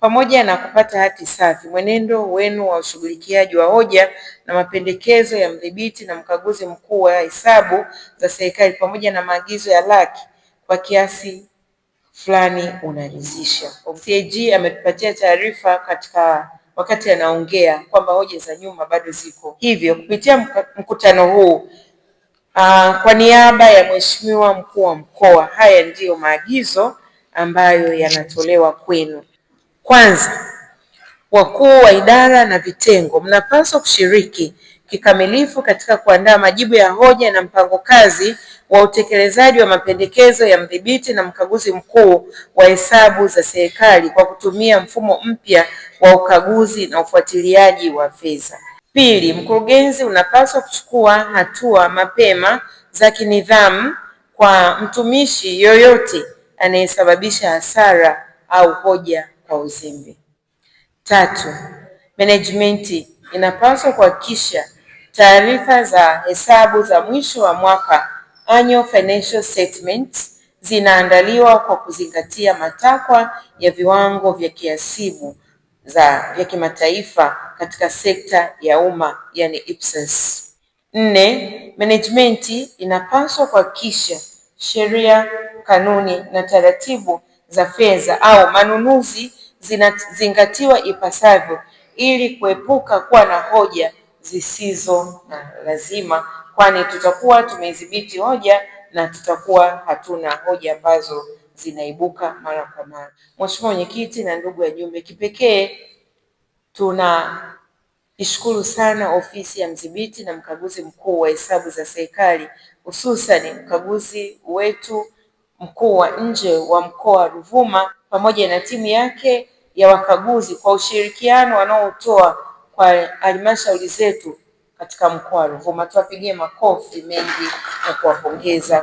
Pamoja na kupata hati safi, mwenendo wenu wa ushughulikiaji wa hoja na mapendekezo ya mdhibiti na mkaguzi mkuu wa hesabu za serikali pamoja na maagizo ya laki kwa kiasi fulani unaridhisha. CAG ametupatia taarifa katika wakati anaongea kwamba hoja za nyuma bado ziko, hivyo kupitia mkutano huu Uh, kwa niaba ya Mheshimiwa Mkuu wa Mkoa, haya ndiyo maagizo ambayo yanatolewa kwenu. Kwanza, wakuu wa idara na vitengo mnapaswa kushiriki kikamilifu katika kuandaa majibu ya hoja na mpango kazi wa utekelezaji wa mapendekezo ya mdhibiti na mkaguzi mkuu wa hesabu za serikali kwa kutumia mfumo mpya wa ukaguzi na ufuatiliaji wa fedha. Pili, mkurugenzi unapaswa kuchukua hatua mapema za kinidhamu kwa mtumishi yoyote anayesababisha hasara au hoja kwa uzembe. Tatu, management inapaswa kuhakikisha taarifa za hesabu za mwisho wa mwaka annual financial statements zinaandaliwa kwa kuzingatia matakwa ya viwango vya kiasibu za vya kimataifa katika sekta ya umma yani IPSAS. Nne, management inapaswa kuhakikisha sheria, kanuni na taratibu za fedha au manunuzi zinazingatiwa ipasavyo ili kuepuka kuwa na hoja zisizo na lazima, kwani tutakuwa tumeidhibiti hoja na tutakuwa hatuna hoja ambazo zinaibuka mara kwa mara. Mheshimiwa Mwenyekiti na ndugu wajumbe, kipekee tunaishukuru sana Ofisi ya Mdhibiti na Mkaguzi Mkuu wa Hesabu za Serikali, hususan mkaguzi wetu mkuu wa nje wa mkoa wa Ruvuma pamoja na timu yake ya wakaguzi kwa ushirikiano wanaotoa kwa halmashauri zetu katika mkoa wa Ruvuma. Tuwapigie makofi mengi na kuwapongeza.